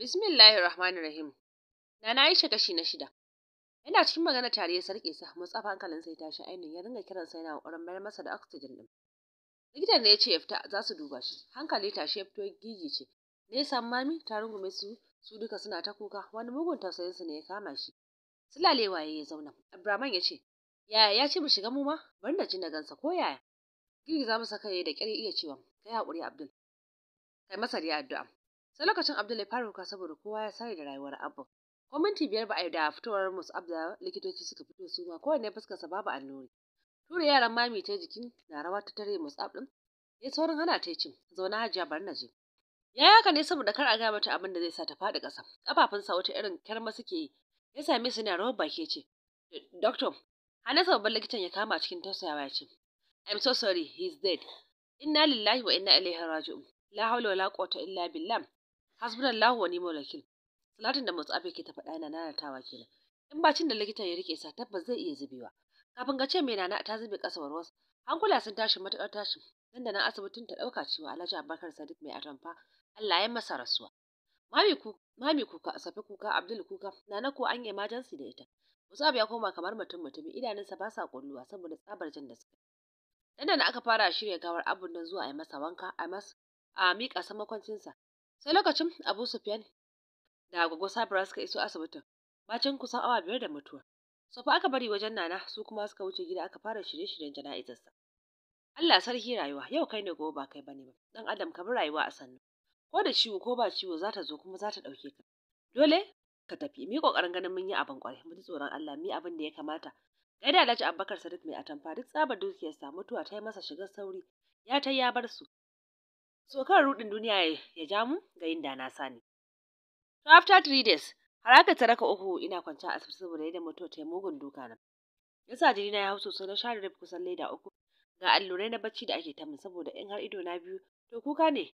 Bismillahi Rahmanir Rahim. Nana Aisha kashi na shida. Yana cikin magana tare ya sarke sa, tsafa hankalin sai tashi ainihin ya ringa kiran sai yana ƙoƙarin mayar masa da oxygen din. Likitan ne ya ce ya fita za su duba shi. Hankali tashi ya fito gigi ce. Ne san mami ta rungume su su duka suna ta kuka wani mugun tausayin su ne ya kama shi. Sulale waye ya zauna. Abraman ya ce yaya ya ce mu shiga mu ma bari na ji na gansa ko yaya. zamu saka ya da kyar iya cewa kai haƙuri Abdul. Kai masa addu'a. sai lokacin abdul ya fara saboda kowa ya sare da rayuwar abban ko minti biyar ba a yi da fitowar musu abda likitoci suka fito su ma kowanne fuskarsa babu annuri tura yaran mami ta jikin na rawa ta tare musu abdin ya saurin hana ta cin zauna hajiya bari na je ya yi haka ne saboda kar a gaya mata abin da zai sa ta faɗi ƙasa sa wata irin kyarma suke yi ya same su na rawar baki ce doctor sa babban likitan ya kama cikin tausayawa ya ce i'm so sorry he's dead inna lillahi wa inna ilaihi raji'un la hawla wala quwwata illa billah hasbunallahu wa ni'mal wakil salatin da motsa ke ta faɗa yana nanatawa kenan in bacin da likitan ya rike sa tabbas zai iya zubewa kafin ga ce mai nana ta zube ƙasa warwas hankula sun tashi matuƙar tashi nan da nan asibitin ta ɗauka cewa alhaji abubakar sadiq mai atamfa allah ya masa rasuwa mami ku mami kuka safi kuka abdul kuka nana ko an yi su da ita musab ya koma kamar mutum mutumi idanunsa ba sa kulluwa saboda tsabar jin da suka nan da aka fara shirya gawar abun nan zuwa a yi masa wanka a mas a miƙa sa sai lokacin abu sufyan da agogo sabira suka iso asibitin bacin kusan awa biyar da mutuwa sofa aka bari wajen nana su kuma suka wuce gida aka fara shirye-shiryen jana'izarsa Allah sarki rayuwa yau kai ne gobe ba kai bane ba dan adam ka bi rayuwa a sannu ko da ciwo ko ba ciwo za ta zo kuma za ta dauke ka dole ka tafi mi kokarin ganin mun yi abin kwarai mun ji tsoron Allah mi abin da ya kamata kai da Alhaji Abubakar Sadiq mai atamfa duk tsabar dukiyarsa mutuwa ta yi masa shigar sauri ya ta ya bar su tsokar rudin duniya ya ja mu ga yin na sani to after three days har aka ta raka uku ina kwanci a asibiti saboda yadda mutum ta yi mugun duka na yasa jini na ya hau sosai na share rib kusan leda uku ga allurai na bacci da ake tamin saboda in har ido na biyu to kuka ne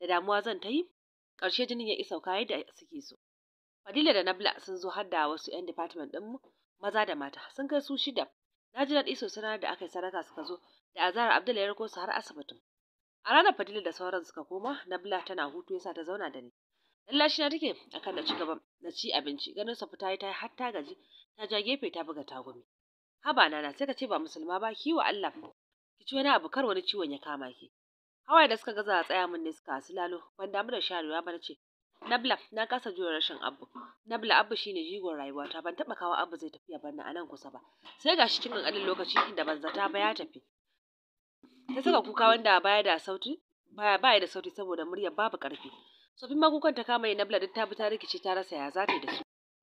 da damuwa zan ta yi ƙarshe jinin ya isa kayan da suke so fadila da nabla sun zo har da wasu 'yan department mu maza da mata sun kai su shida na ji daɗi sosai na da aka yi sadaka suka zo da azara abdul ya rako su har asibitin a ranar fadila da sauran suka koma nabila tana hutu yasa ta zauna da ni lallashi na take akan na ci gaba na ci abinci ganin sa fita ta har ta gaji ta ja gefe ta buga tagumi haba nana sai ka ce ba musulma ba ki wa Allah ki ci wani abu kar wani ciwon ya kama ki hawaye da suka gaza a tsaya min ne suka lalo ban damu da sharewa ba na ce Nabla na kasa jure rashin Abu. Nabla Abu shine jigon rayuwata ban taba kawo Abu zai tafiya ban a nan kusa ba. Sai gashi cikin ƙanƙanin lokaci inda ban zata ba ya tafi. ta saka kuka wanda baya da sauti baya baya da sauti saboda murya babu karfi sofin ma kukan ta kama nabla duk ta bi ta rikice ta rasa ya zata da su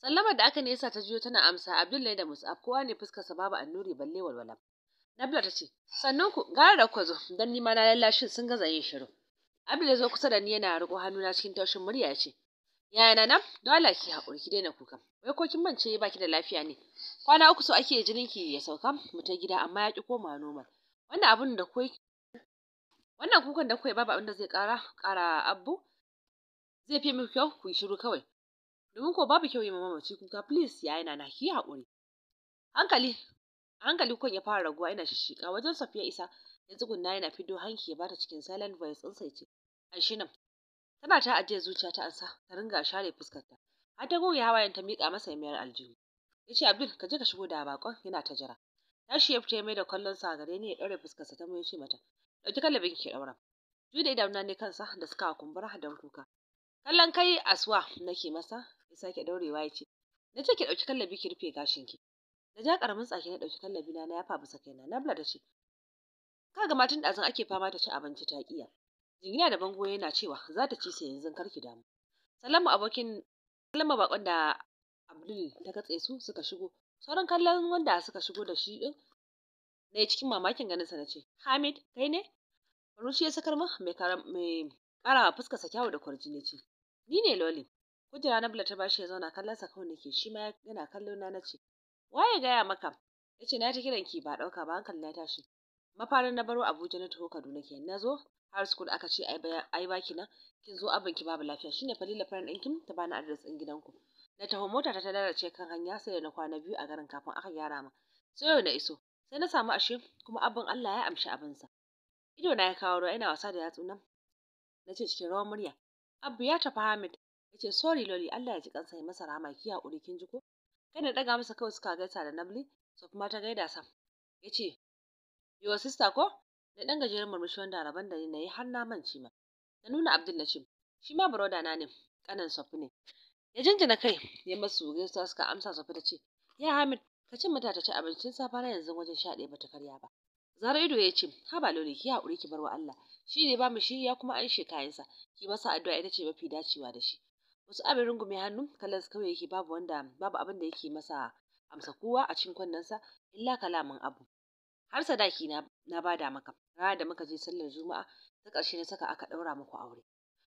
sallamar da aka nesa ta jiyo tana amsa abdullahi da Musa, kowa ne sa babu annuri balle walwala nabla ta ce sannan ku gara da ku zo dan ni na lallashin sun ga yin shiru abdullahi zo kusa da ni yana riko hannuna cikin taushin murya ya ce yaya nana dole ki haƙuri ki daina kuka wai ko kin mance baki da lafiya ne kwana uku so ake jinin ki ya sauka mu ta gida amma ya ki koma normal wannan abun da kuke wannan kukan da kuke babu abin da zai ƙara kara abu zai fi miki kyau ku shiru kawai domin ko babu kyau yi mama mamaci kuka please yayi yana na ki haƙuri hankali hankali kun ya fara raguwa yana shishika wajen safiya isa ya tsugunna yana fido hanki ya bata cikin silent voice tsinsa ce ashe nan tana ta ajiye zuciya ta ansa ta ringa share fuskarta har ta goge hawayen ta mika masa yamiyar aljihu ya ce abdul ka je ka shigo da bakon yana ta jira tashi ya fita ya mai da kallon sa gare ni ya ɗaure fuskarsa ta mai mata ɗauki kallabin ki ɗaura jude idanuna ne kansa da suka kumbura don kuka kallon kai asuwa nake masa ya sake ɗaurewa ya ce na ce ki ɗauki kallabi ki rufe gashin ki na ja ƙaramin tsaki na ɗauki kallabi na na yafa bisa kaina bula ta ce ka ga matan ɗazun ake fama ta ci abinci ta ƙiya jingina da bango yana cewa za ta ci sai yanzu kar ki damu Salamu abokin Salamu bakon da abdul ta katse su suka shigo sauran kallon wanda suka shigo da shi din na cikin mamakin ganin sa nace Hamid kai ne Barushi ya sakar mai mai kara fuskar sa kyawu da kwarji na ce ni ne Loli kujera na bula ta bashi ya zauna kallon sa kawai nake shi ma yana kallo na nace waye gaya maka ce na ta kiran ki ba ɗauka ba hankali na tashi mafarin na baro Abuja na taho Kaduna Na zo har school aka ce ai baki nan kin zo abin ki babu lafiya shine falila farin ɗinkin ta bani adres ɗin gidanku Da taho mota ta lalace kan hanya sai da na kwana biyu a garin kafin aka gyara min sai yau na iso sai na samu ashe kuma abin Allah ya amshi abin sa ido na ya kawo ruwa ina wasa da yatsu nan na ce cikin rawar murya abu ya tafi Hamid ya ce sorry loli Allah ya ji kansa ya masa rama kiya kuri kin ji ko kai na daga masa kawai suka gaisa da Nabli so kuma ta gaida sa ya your sister ko na dan gajeren murmushi wanda raban da ni na yi har na manci ma na nuna Abdul shi ma broda na ne kanan sofi ne ya jinjina kai ya masu sa suka amsa sofi ta ce ya hamid ka ce mata ta ci abincin safa na yanzu wajen sha ɗaya bata karya ba zara ido ya ce haba lori ki haƙuri ki bar wa Allah shi ne ba mu shi ya kuma an shi kayansa ki masa addu'a ita ce mafi dacewa da shi wasu abin rungume hannu kallon kawai yake babu wanda babu abin da yake masa amsa kowa a cikin sa, illa kalamin abu har sadaki na na bada maka Rana da muka je sallar juma'a ta ƙarshe na saka aka ɗaura muku aure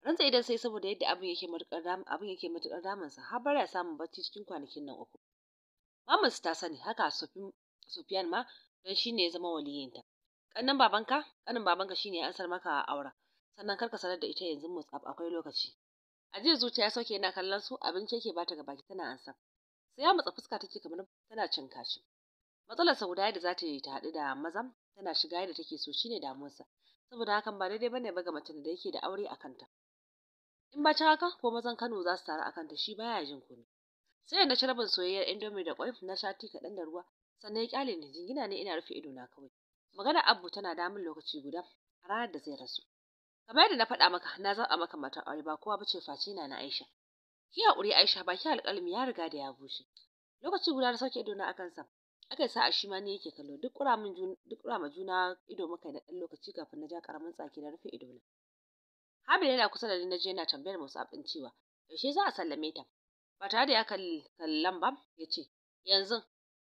rantsa idan sai saboda yadda abin yake matukar abin yake matukar sa har baya samun bacci cikin kwanakin nan uku su ta sani haka Sufiyan ma don shi ne ya zama waliyinta kannan babanka kanin babanka shine ya ansar maka aura sannan karka sanar da ita yanzu mutsaf akwai lokaci a jiya zuciya sauke yana kallon su abinci yake bata ga baki tana ansa sai ya matsa fuska take kamar tana cin kashi matsalar sa guda yadda za ta yi ta haɗu da mazan tana shiga yadda take so shine damuwarsa saboda hakan ba daidai bane ba ga mace da yake da aure a kanta in ba ci haka ko mazan Kano za su taru akan ta shi baya jin kunya sai na ci rabin soyayyar indomie da kwai na shati ti kaɗan da ruwa sannan ya kyale ni jingina ne ina rufe ido na kawai magana abu tana damun lokaci guda a ranar da zai rasu kamar yadda na faɗa maka na zaɓa maka matar aure ba kowa bace face na na Aisha ki haƙuri Aisha baki alƙalmi ya riga da ya bushe lokaci guda na sauke ido na akan sa aka sa a shi ma ni yake kallo duk ƙura duk juna ido muka na ɗan lokaci kafin na ja ƙaramin tsaki na rufe ido na Hamid yana kusa da ni yana tambayar masu cewa yaushe za a sallame ta. Ba tare da ya kallan ba ya ce yanzu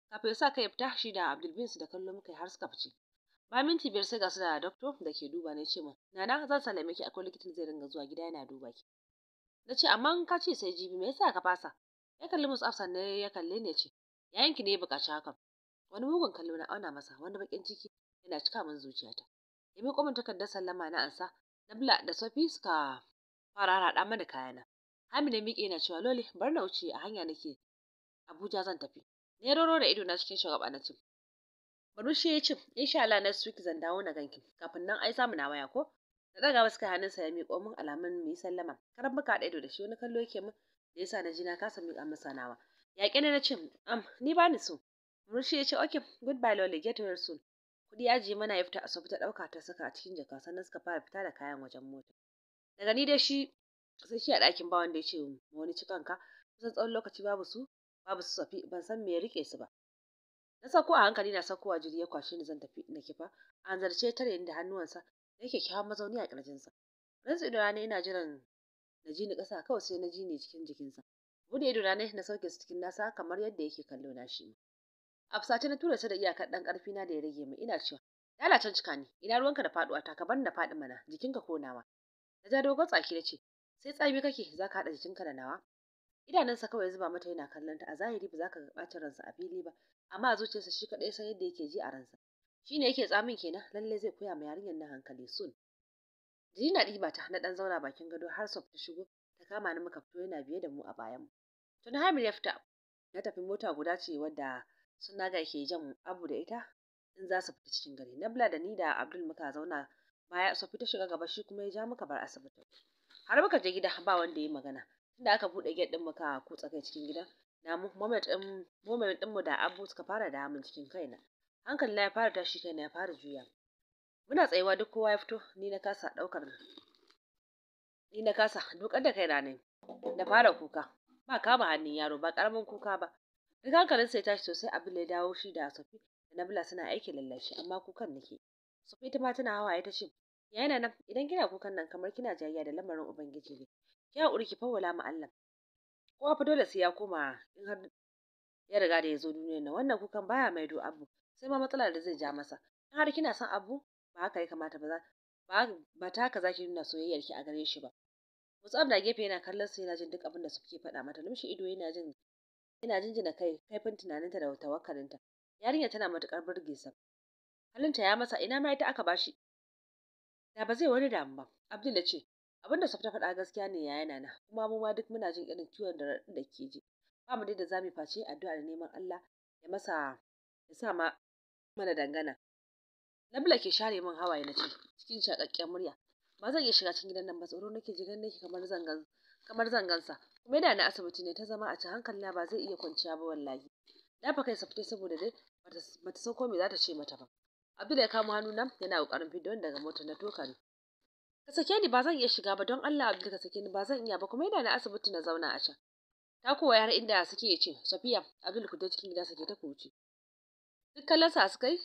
kafin ya sa kai fita shi da Abdulbin su da kallon muka har suka fice. Ba minti biyar sai ga su da doctor da ke duba na ce ma nana zan sallame ki akwai likitan zai ringa zuwa gida yana duba ki. Na ce amma ka ce sai jibi me yasa ka fasa? Ya kalli Musab sannan ya kalle ni ya yayan ki ne ya buƙaci hakan. Wani mugun kallo na auna masa wani bakin ciki yana cika min zuciyata. Ya miƙo komin takardar sallama na ansa Dabla da Sofi suka fara haɗa mana kayana. Hamid ya miƙe na cewa lole bar na wuce a hanya nake Abuja zan tafi. Na roro da ido na cikin shagaba na ce. Barushi ya ce insha Allah next week zan dawo na ganki kafin nan ai samu na waya ko? Na daga wasu kai sa ya miƙo min alamun mu yi sallama. Karan muka haɗa ido da shi wani kallo yake min da yasa na ji na kasa miƙa masa nawa. Yaƙi na ce am ni ba ni so. shi ya ce okay goodbye Loli get well soon. kuɗi ajiye mana ya fita asabe ta ɗauka ta saka a cikin jaka sannan suka fara fita da kayan wajen mota daga ni da shi sai shi a ɗakin ba wanda ya ce ma wani ci kanka kusan tsawon lokaci babu su babu su safi ban san me ya rike su ba na sauko a hankali na saukowa jiri ya kwashe ni zan tafi na kifa a zarce ta da hannuwansa da yake kyawun mazauni a ƙirjinsa rantsi da rana ina jiran na ji ni ƙasa kawai sai na ji ne cikin jikinsa bude ido na na sauke su cikin nasa kamar yadda yake kallo na shi a fusace na tura ta da iyakar dan karfi na da ya rage mu ina cewa lalacen cika ne ina ruwanka da faduwa ta ka bar na fadi mana jikinka ko nawa na ja dogon tsaki da ce sai tsami kake za ka haɗa jikinka da nawa idanunsa kawai zuba mata yana kallon ta a zahiri ba za ka ga ɓacin ransa a fili ba amma a zuciyarsa shi kaɗai san yadda yake ji a ransa shi ne yake tsamin kenan lalle zai koya ma yarinyar na hankali sun Jiri na ɗiba ta na ɗan zauna bakin gado har sof ta shigo ta kama ni muka fito yana biye da mu a bayan mu tun hamil ya fita na tafi mota guda ce wadda sun naja ke jan abu da ita in za su fita cikin gari Na bula da ni da abdul muka zauna baya sofi fita shiga gaba shi kuma ya ja muka bar asibitin har muka je gida ba wanda ya magana tunda aka buɗe gate din muka kutsa kai cikin gidan na moment din moment din mu da abu suka fara da mun cikin kaina hankali na ya fara tashi kai na ya fara juya muna tsayuwa duk kowa ya fito ni na kasa daukar ni na kasa dukar da kaina ne Na fara kuka ba kama hannun yaro ba karamin kuka ba Rigar karinsa ya tashi sosai abin da ya dawo shi da Sofi da Nabila suna aiki lallashi amma kukan nake. Sofi ita ma tana hawaye ta ce yana nan idan kina kukan nan kamar kina jayayya da lamarin Ubangiji ne. Ki haƙuri ki fawwala mu Allah. Kowa fa dole sai ya koma in har ya riga da ya zo duniyar nan wannan kukan baya maido abu sai ma matsalar da zai ja masa. In har kina son abu ba haka ya kamata ba za ba ta haka zaki nuna soyayyar ki a gare shi ba. Mutsaf na gefe yana kallon su yana jin duk abin da suke faɗa mata. Lumshi ido yana jin yana jinjina kai kaifin tunaninta da tawakkalinta yarinya tana matukar burge sa halinta ya masa ina ma ita aka bashi da ba zai wani damu ba abdul ya ce abinda safta faɗa gaskiya ne ya yana na kuma mu ma duk muna jin irin ciwon da da ke ji ba mu da zamu face addu'a da neman Allah ya masa ya sa ma mana dangana Nabila ke share min hawaye na ce cikin shakakken murya ba zan iya shiga cikin gidan nan ba tsoro nake jigan nake kamar zan kamar zan gansa kuma yana na asibiti ne ta zama a can hankalina ba zai iya kwanciya ba wallahi na fa kai fita saboda dai bata ko me za ce mata ba Abdul ya kama hannu nan yana kokarin wanda daga motar na toka ne ka sake ni ba zan iya shiga ba don Allah Abdul ka sake ni ba zan iya ba kuma yana na asibiti na zauna a can ta kowa yar inda suke ya ce Safiya Abdul ku je cikin gida sake ta kuce duk kallon sa suka yi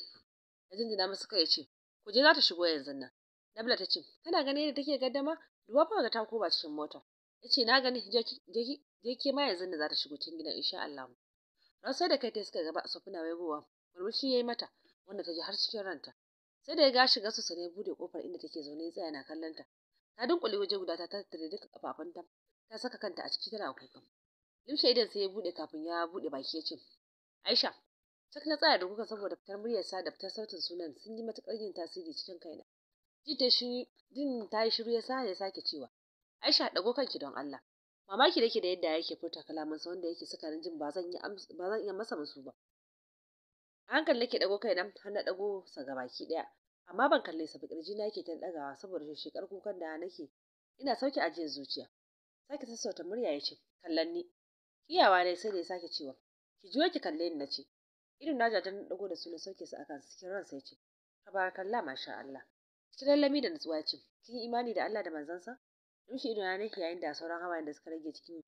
da jinjina musu suka ya ce ku je za ta shigo yanzu nan Nabila ta ce kana ganin yadda take gaddama duba fa ga ta ko cikin mota ta ce na gani je ke ma yanzu da za ta shigo cikin gidan insha Allah sai da kai ta suka gaba safina waigowa ya yi mata wanda ta ji har cikin ranta sai da ya ga shiga su sane bude kofar inda take zaune ya tsaya na kallon ta ta dunkule waje guda ta tattare duka kafafun ta ta saka kanta a ciki tana kuka limshe idan sai ya bude kafin ya bude baki ya ce Aisha Sak na tsaya da kuka saboda fitar sa da fitar sautin sunan sun yi matuƙar yin tasiri cikin kaina. Ji ta ta yi shiru ya sa ya sake cewa Aisha ɗago kanki don Allah mamaki ke da yadda yake furta kalamansa wanda yake sakarin jin ba zan iya masa musu ba a hankali nake dago kaina har na dago sa ga baki ɗaya. amma ban kalle sa ba ƙirji na yake ta ɗagawa saboda shekar kukan da nake ina sauke ajiyar zuciya sake sassauta murya ya ce kallon ni kiyawa ne sai da ya sake cewa ki juyo ki kalle ni na ce irin na na dago da su na sauke su akan cikin ransa ya ce tabarakallah masha Allah cikin lallami da nutsuwa ce kin imani da Allah da manzansa Limshe idona nake yayin da sauran hawayen da suka rage cikin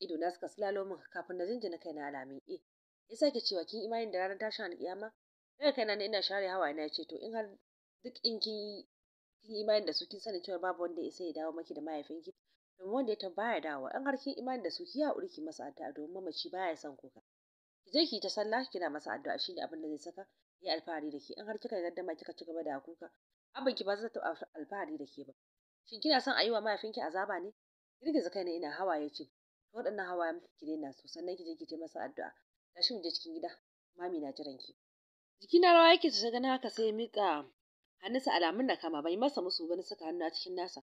idona suka silalo min kafin na jinjina kaina alamin e Ya sake cewa kin imanin da ranar tashin alƙiyama? Daga kaina ne ina share hawaye na ce to in har duk in kin yi kin imanin da su kin sani cewa babu wanda ya sai ya dawo maki da mahaifinki domin wanda ya ya dawo in har kin imanin da su ki haƙuri ki masa addu'a domin mamaci baya son kuka ki je ki ta sallah kina masa addu'a shine abin da zai saka ya alfahari da ke in har kika gaddama kika ci gaba da kuka abin ki ba zai taɓa alfahari da ke ba shin kina son a yi wa mahaifinki azaba ne girgiza na ina hawaye ce to waɗannan hawayen ki daina su sannan ki je ki addu'a tashi mu je cikin gida mami na jiran ki na rawa yake sosai ganin haka sai ya miƙa hannunsa alamun na kama bai masa musu wani saka hannu a cikin nasa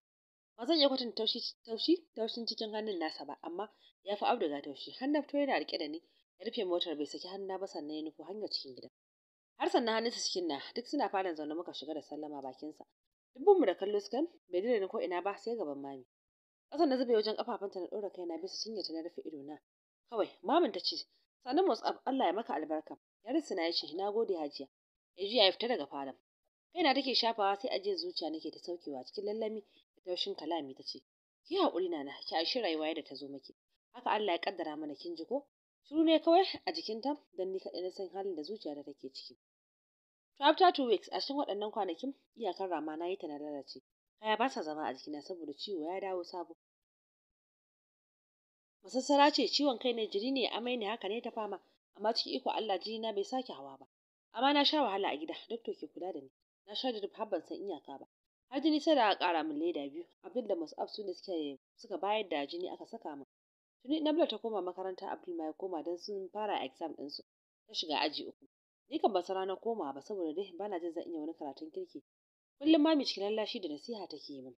ba zan iya kwatanta taushi taushi taushin cikin hannun nasa ba amma ya fi auduga taushi hannun to yana riƙe da ni ya rufe motar bai saki hannu ba sannan ya nufo hanyar cikin gida har sannan hannunsa cikin na duk suna fadan zaune muka shiga da sallama bakinsa Dubbin mu da kallo sukan bai dire ni ko ina ba sai gaban mami. Kasan na zube wajen kafafanta na ɗora kaina bisa cinya ta na rufe ido na. Kawai mamin ta ce sanin WhatsApp Allah ya maka albarka. Yarisa na yace na gode hajiya. Ya jiya ya fita daga falon. Kaina take shafawa sai aje zuciya nake ta saukewa cikin lallami da taushin kalami ta ce ki haƙuri nana ki aishi rayuwa yadda ta zo miki. Haka Allah ya kaddara mana kin ji ko? Shiru ne kawai a jikinta don ni kaɗai na san halin da zuciya ta take ciki. To after two weeks a cikin waɗannan kwanakin iyakar rama na yi ta na lalace. Kaya ba sa zama a jikina saboda ciwo ya dawo sabo. Masassara ce ciwon kai ne jiri ne amai ne haka ne ta fama amma cikin iko Allah jini na bai sake hawa ba. Amma na sha wahala a gida doctor ke kula da ni. Na sha drip har ban san iyaka ba. Har jini sai da aka ƙara min leda biyu. Abdul da masu absu ne suke suka bayar da jini aka saka min. Tuni Nabla ta koma makaranta Abdul ma ya koma don sun fara exam ɗinsu. Ta shiga aji uku. Ni kan ba rana koma ba saboda dai ba na jin zan iya wani karatun kirki. Kullum mami cikin lallashi da nasiha take min.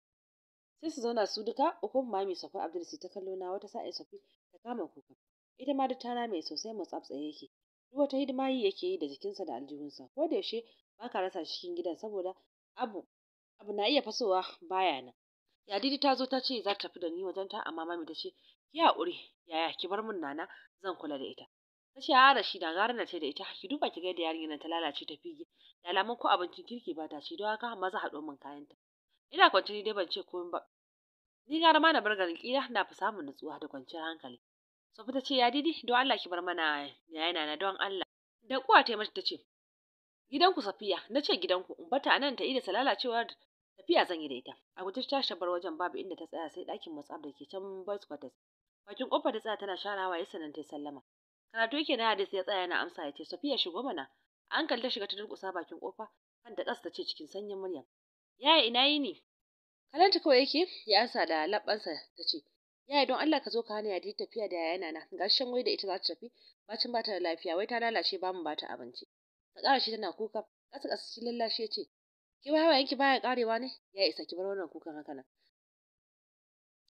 Sai su zauna su duka ukun mami Safi Abdul ta kallo na wata sa'a Safi ta kama kuka. Ita ma duk tana mai sosai mu tsabtsaye yake. Duk wata hidima yi yake yi da jikinsa da aljihunsa. Ko da yaushe ba ka rasa cikin gidan saboda abu abu na iya fasowa baya nan. Yadidi ta zo ta ce za ta tafi da ni wajen ta amma mami ta ce ki haƙuri yaya ki bar min nana zan kula da ita. ta ce a Rashida gara na ce da ita ki duba ki ga da yarinyar ta lalace ta fige da alamun ko abincin kirki ba ta ci don haka maza haɗo min kayanta ina kwance ni dai ban ce komai ba ni gara ma na bar garin kila na fi samun nutsuwa da kwanciyar hankali Sofi ta ce ya didi don Allah ki bar mana yayana na don Allah da kuwa ta mace ta ce gidanku Safiya na ce gidanku in bata nan ta yi da lalacewar tafiya zan yi da ita a guje ta shabar wajen babu inda ta tsaya sai ɗakin matsab da ke can boys quarters bakin kofar ta tsaya tana sharawa ya sanan ta sallama karatu yake na hadis ya tsaya na amsa ya ce safiya shigo mana an kalli ta shiga ta durƙusa bakin kofa kan da ƙasa ce cikin sanyin murya yaya ina yi ne kalanta kawai yake ya ansa da labbansa ta ce yaya don Allah ka zo ka hana ya yadi tafiya da yayana na gashin wai da ita za ta tafi bacin ba ta da lafiya wai ta lalace ba mu ba ta abinci ta ƙara shi tana kuka kasa kasa shi lallashi ya ce ki ba hawa yanki baya karewa ne ya isa ki bar wannan kukan haka nan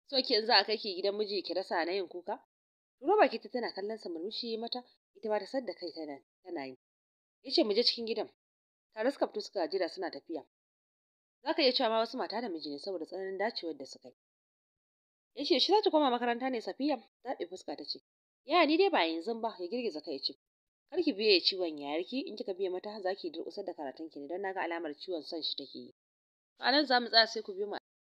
so ki in za a kai ki gidan miji ki rasa na yin kuka Turo baki ta tana kallon sa murmushi mata ita ma ta da kai tana tana yi. Yace mu je cikin gidan. Tare suka fito suka jira suna tafiya. Zaka iya cewa ma wasu mata da miji ne saboda tsananin dacewar da suka yi. Yace shi za ta koma makaranta ne Safiya ta ɗe fuska ta ce. Yaya ni dai ba yanzu ba ya girgiza kai ce. Kar ki biye ciwon yarki in kika biye mata za ki durƙusar da karatun ki ne don naga alamar ciwon son shi take yi. A anan za mu tsaya sai ku biyo mu